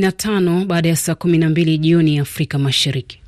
na tano baada ya saa kumi na mbili jioni Afrika Mashariki.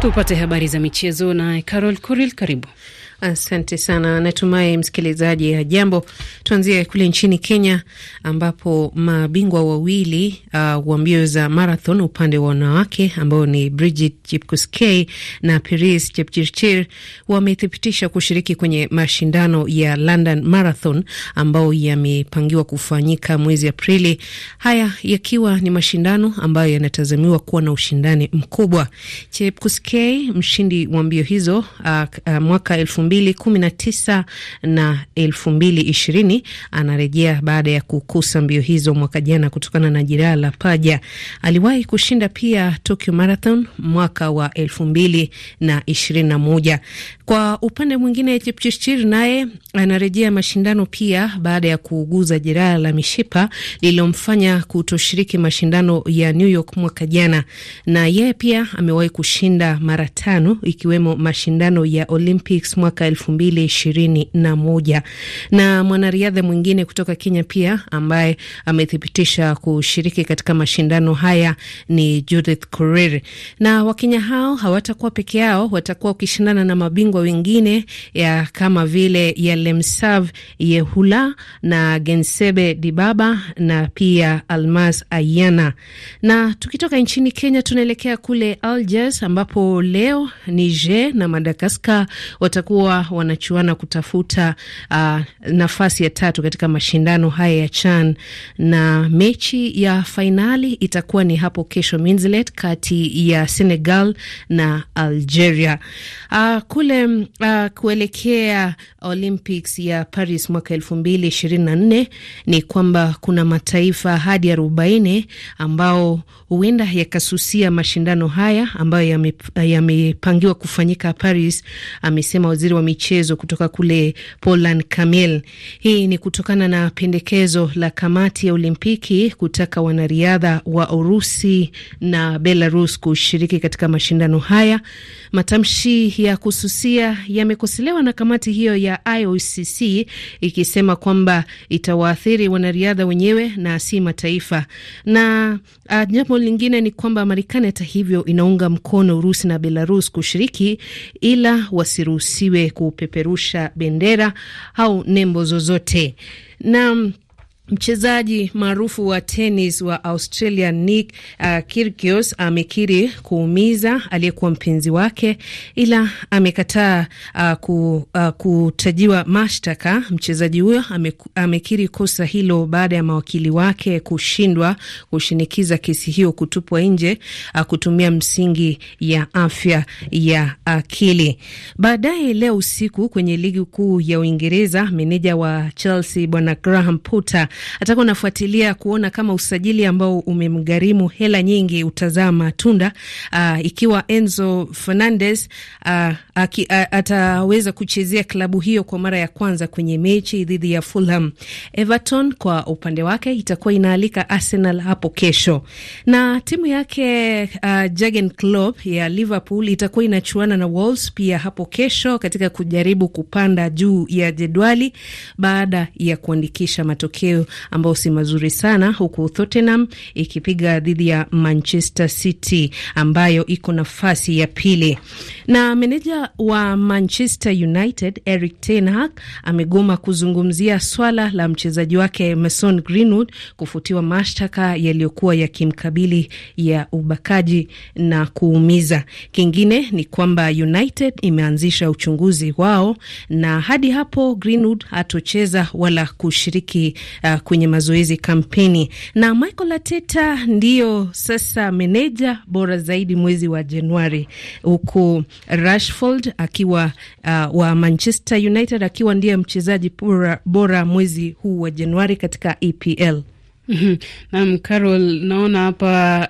Tupate habari za michezo na Carol Kuril, karibu. Asante sana, natumai msikilizaji ya jambo. Tuanzie kule nchini Kenya ambapo mabingwa wawili uh, wa mbio za marathon upande wa wanawake ambao ni Brigid Chepkosgei na Peris Chepchirchir wamethibitisha kushiriki kwenye mashindano ya London Marathon ambao yamepangiwa kufanyika mwezi Aprili, haya yakiwa ni mashindano ambayo yanatazamiwa kuwa na ushindani mkubwa. Chepkosgei mshindi wa mbio hizo uh, uh, mwaka elfu 2019 na 2020. Anarejea baada ya kukusa mbio hizo mwaka jana kutokana na jeraha la paja. Aliwahi kushinda pia Tokyo Marathon mwaka wa 2021. Kwa upande mwingine, Chepchirchir naye anarejea mashindano pia baada ya kuuguza jeraha la mishipa lililomfanya kutoshiriki mashindano ya New York mwaka jana, na yeye pia amewahi kushinda mara tano ikiwemo mashindano ya Olympics mwaka mwaka elfu mbili ishirini na moja. Na mwanariadha mwingine kutoka Kenya pia ambaye amethibitisha kushiriki katika mashindano haya ni Judith Korir. Na Wakenya hao hawatakuwa peke yao, watakuwa wakishindana na mabingwa wengine ya kama vile Yalemsav Yehula na Gensebe Dibaba na pia Almas Ayana. Na tukitoka nchini Kenya tunaelekea kule Algiers ambapo leo Niger na Madagaskar watakuwa walikuwa wanachuana kutafuta uh, nafasi ya tatu katika mashindano haya ya CHAN na mechi ya fainali itakuwa ni hapo kesho minzlet kati ya Senegal na Algeria. Uh, kule uh, kuelekea Olympics ya Paris mwaka elfu mbili ishirini na nne ni kwamba kuna mataifa hadi arobaini ambao huenda yakasusia mashindano haya ambayo yamepangiwa kufanyika Paris, amesema waziri wa wa michezo kutoka kule Poland Kamil. Hii ni kutokana na pendekezo la kamati ya Olimpiki kutaka wanariadha wa Urusi na Belarus kushiriki katika mashindano haya. Matamshi ya kususia yamekoselewa na kamati hiyo ya IOCC ikisema kwamba itawaathiri wanariadha wenyewe na si mataifa. Na jambo lingine ni kwamba Marekani hata hivyo inaunga mkono Urusi na Belarus kushiriki, ila wasiruhusiwe kupeperusha bendera au nembo zozote na Mchezaji maarufu wa tenis wa Australia Nick uh, Kyrgios amekiri kuumiza aliyekuwa mpenzi wake, ila amekataa uh, ku, uh, kutajiwa mashtaka. Mchezaji huyo amekiri kosa hilo baada ya mawakili wake kushindwa kushinikiza kesi hiyo kutupwa nje uh, kutumia msingi ya afya ya akili. Baadaye leo usiku kwenye ligi kuu ya Uingereza, meneja wa Chelsea bwana Graham Potter atakuwa anafuatilia kuona kama usajili ambao umemgharimu hela nyingi utazaa matunda uh, ikiwa Enzo Fernandez uh, aki, uh, ataweza kuchezea klabu hiyo kwa mara ya kwanza kwenye mechi dhidi ya Fulham. Everton kwa upande wake itakuwa inaalika Arsenal hapo kesho, na timu yake uh, Jurgen Klopp ya Liverpool itakuwa inachuana na Wolves pia hapo kesho katika kujaribu kupanda juu ya jedwali baada ya kuandikisha matokeo ambao si mazuri sana, huku Tottenham ikipiga dhidi ya Manchester City ambayo iko nafasi ya pili. Na meneja wa Manchester United Eric Ten Hag amegoma kuzungumzia swala la mchezaji wake Mason Greenwood kufutiwa mashtaka yaliyokuwa yakimkabili ya ubakaji na kuumiza. Kingine ni kwamba United imeanzisha uchunguzi wao, na hadi hapo Greenwood hatocheza wala kushiriki uh, kwenye mazoezi kampeni. Na Michael ateta ndiyo sasa meneja bora zaidi mwezi wa Januari, huku Rashford akiwa uh, wa Manchester United akiwa ndiye mchezaji bora, bora mwezi huu wa Januari katika EPL. Mhm. Naam, Carol, naona hapa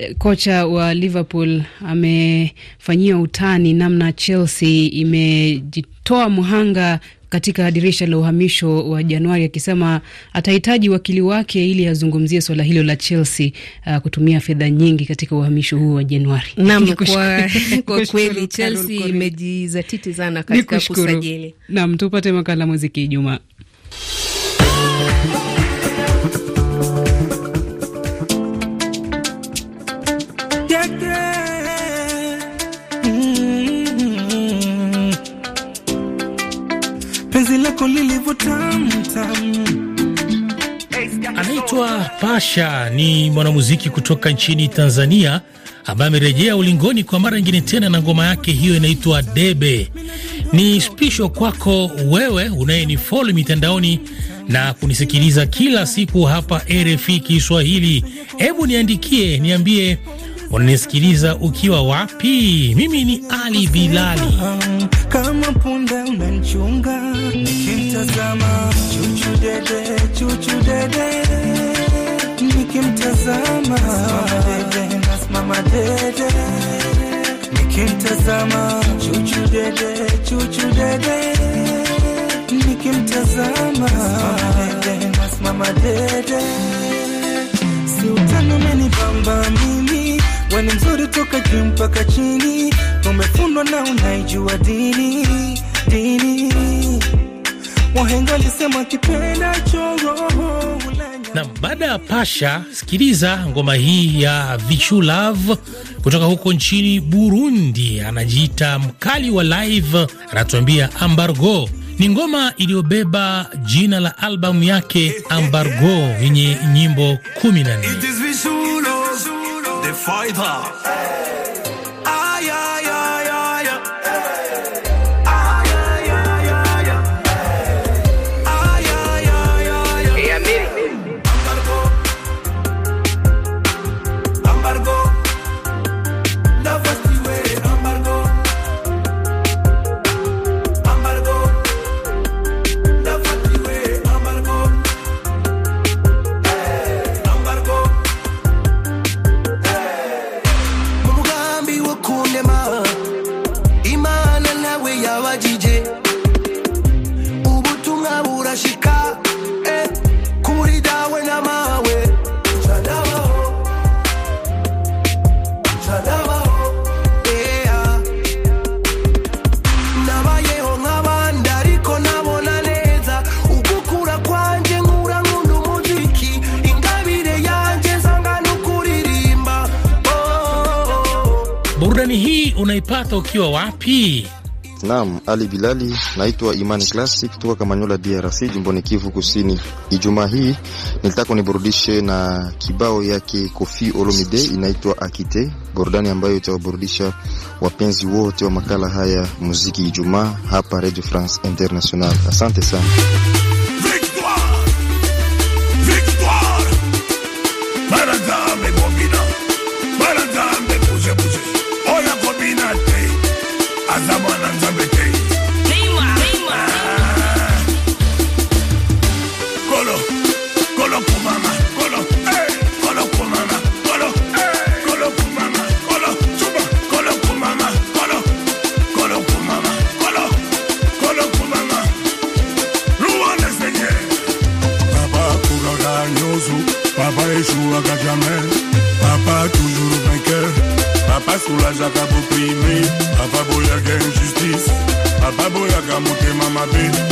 uh, kocha wa Liverpool amefanyia utani namna Chelsea imejitoa mhanga katika dirisha la uhamisho wa Januari akisema atahitaji wakili wake ili azungumzie swala hilo la Chelsea uh, kutumia fedha nyingi katika uhamisho huu wa Januari. Naam, kwa, kwa kweli Chelsea imejizatiti sana katika kusajili. Naam, tupate makala muziki jumaa lako lilivyo tamu tamu. Anaitwa Pasha, ni mwanamuziki kutoka nchini Tanzania ambaye amerejea ulingoni kwa mara nyingine tena na ngoma yake hiyo inaitwa Debe. Ni spisho kwako wewe unayenifollow mitandaoni na kunisikiliza kila siku hapa RFI Kiswahili. Hebu niandikie, niambie unanisikiliza ukiwa wapi? Mimi ni Ali Bilali. Kama punda unanichunga nikimtazama chuchu dede chuchu dede nikimtazama dede, nasimama dede nikimtazama chuchu dede chuchu dede nikimtazama dede, nasimama dede si utani umenibamba mimi weni mzuri toka juu mpaka chini umefunwa na unaijua dini Mwahenga kipenda na baada ya Pasha, sikiliza ngoma hii ya Vichu Love kutoka huko nchini Burundi. Anajiita mkali wa live, anatuambia Ambargo ni ngoma iliyobeba jina la albamu yake Ambargo yenye nyimbo kumi na nne. unaipata ukiwa wapi? Naam, Ali Bilali, naitwa Imani Classic kutoka Kamanyola, DRC, jumboni Kivu Kusini. Ijumaa hii nilitaka niburudishe na kibao yake Kofi Olomide, inaitwa Akite, burudani ambayo itawaburudisha wapenzi wote wa makala haya muziki Ijumaa hapa Radio France International. Asante sana. soulajaka bopime apaboyaka injustice apaboyaka motema mabe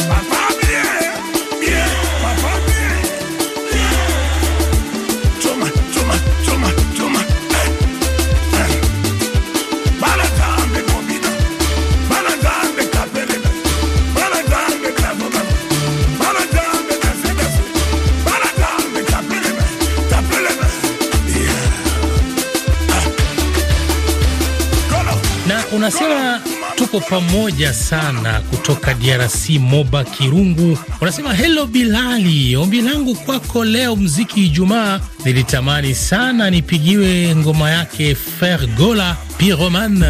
tuko pamoja sana kutoka DRC, Moba Kirungu, unasema helo Bilali, ombi langu kwako leo mziki Ijumaa, nilitamani sana nipigiwe ngoma yake Fergola Piroman.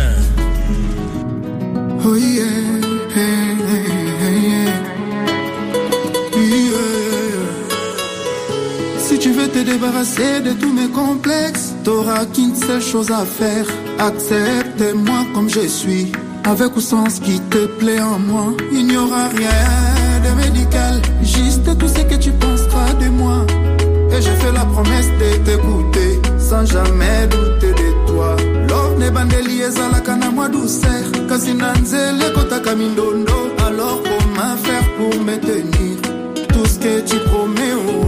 Oh yeah, hey, hey, hey. Yeah. Si tu veux te débarrasser de tous mes complexes, t'auras qu'une seule chose à faire, accepte-moi comme je suis. Avec ou sans ce qui te plaît en moi, il n'y aura rien de médical, juste tout ce que tu penseras de moi. Et je fais la promesse de t'écouter, sans jamais douter de toi. L'or ne à la moi douceur, kasi le kota kota Alors comment faire pour me tenir tout ce que tu promets? Oh.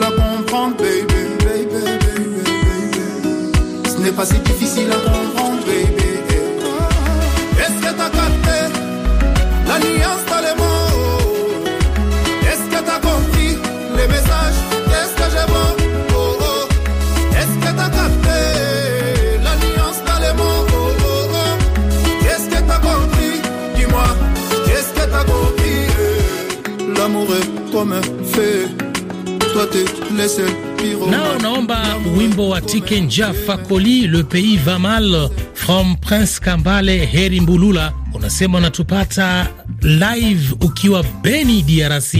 difficile à comprendre, baby. baby, baby, baby. Ce n'est pas si difficile à comprendre. Nao naomba wimbo wa Tikenja Fakoli, Le Pays Va Mal from Prince Kambale Heri Mbulula, unasema unatupata live ukiwa Beni, DRC.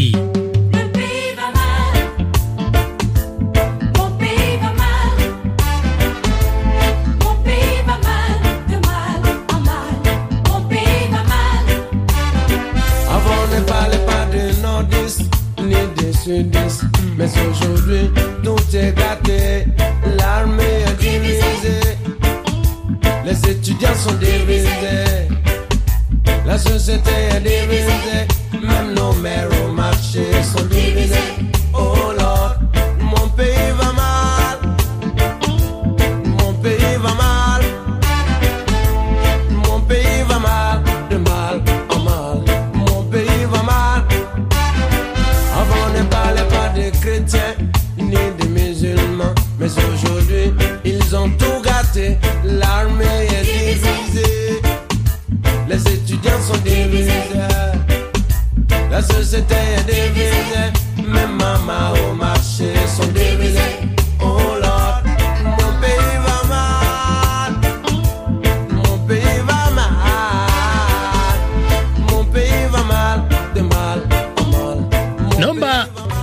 on this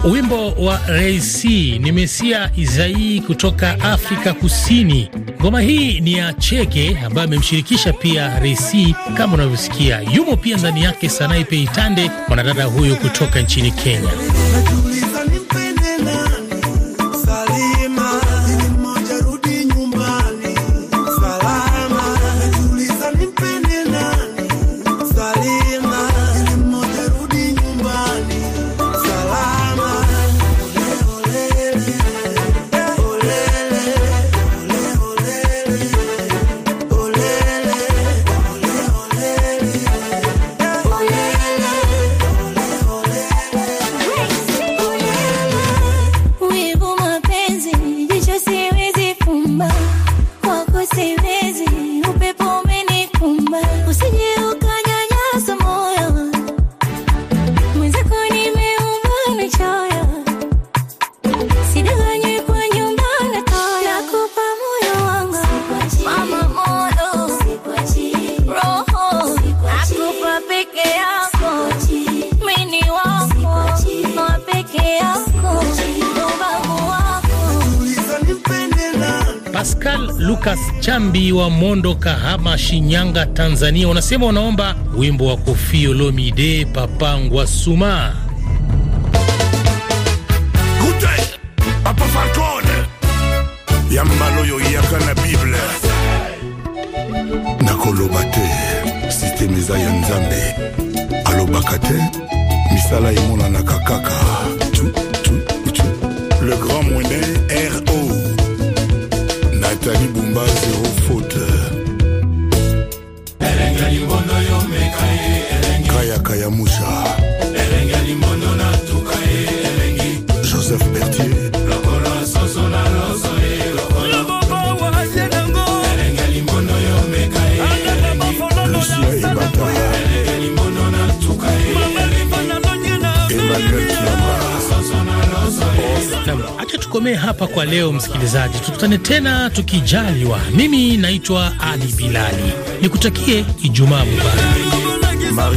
Wimbo wa Reisi ni Mesia Izai kutoka Afrika Kusini. Ngoma hii ni ya Cheke ambayo amemshirikisha pia Reisi kama unavyosikia, yumo pia ndani yake Sanai Peitande, mwanadada huyu kutoka nchini Kenya. Chambi wa Mondo, Kahama, Shinyanga, Tanzania, wanasema wanaomba wimbo wa kofi Olomide Papangwa Suma. yambala oyo eyaka na bible nakoloba te sisteme eza ya nzambe alobaka te misala emonanaka kaka le grand moine ro tani bumba zero faute kayaka ya musha tukomee hapa kwa leo, msikilizaji. Tukutane tena tukijaliwa. Mimi naitwa Ali Bilali, nikutakie Ijumaa mubarak.